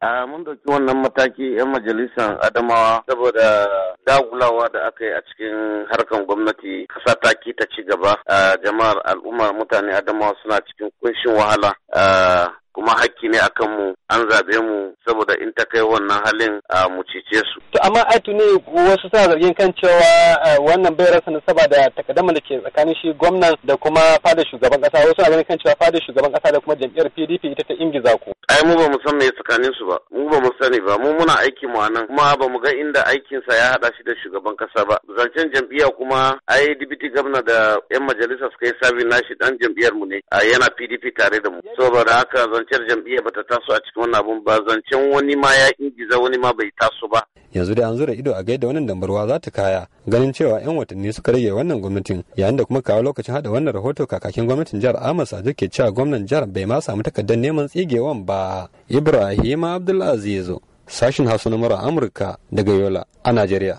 A mun dauki wannan mataki 'yan majalisar Adamawa saboda dagulawa da aka yi a cikin harkan gwamnati kasa ta ki ta ci gaba a jama'ar al'umma mutane Adamawa suna cikin kunshin wahala kuma hakki ne akan mu an zabe mu saboda in ta kai wannan halin a mu cice su. To amma ai tuni wasu suna zargin kan cewa wannan bai rasa nasaba da takaddama da ke tsakanin shi gwamnan da kuma fada shugaban kasa wasu na ganin kan cewa fada shugaban kasa da kuma jam'iyyar PDP ita ta ingiza ku. Ai mu ba mu san me tsakanin su ba mu ba mu sani ba mu muna aiki mu anan kuma ba mu ga inda aikin sa ya hada shi da shugaban kasa ba zancen jam'iyya kuma ai deputy governor da yan majalisa suka yi sabi nashi dan jam'iyyar mu ne yana PDP tare da mu saboda haka zancen jam'iyyar bata taso a cikin wannan abun ba zancen wani ma ya ingiza wani ma bai taso ba yanzu dai an zura ido a gaida wannan dambarwa za ta kaya ganin cewa yan watanni suka rage wannan gwamnatin yayin da kuma kawo lokacin hada wannan rahoto kakakin gwamnatin jihar Amos a ke cewa gwamnan jihar bai ma samu takardar neman tsigewan ba Ibrahim Abdulaziz sashin Hausa na Amurka daga Yola a Najeriya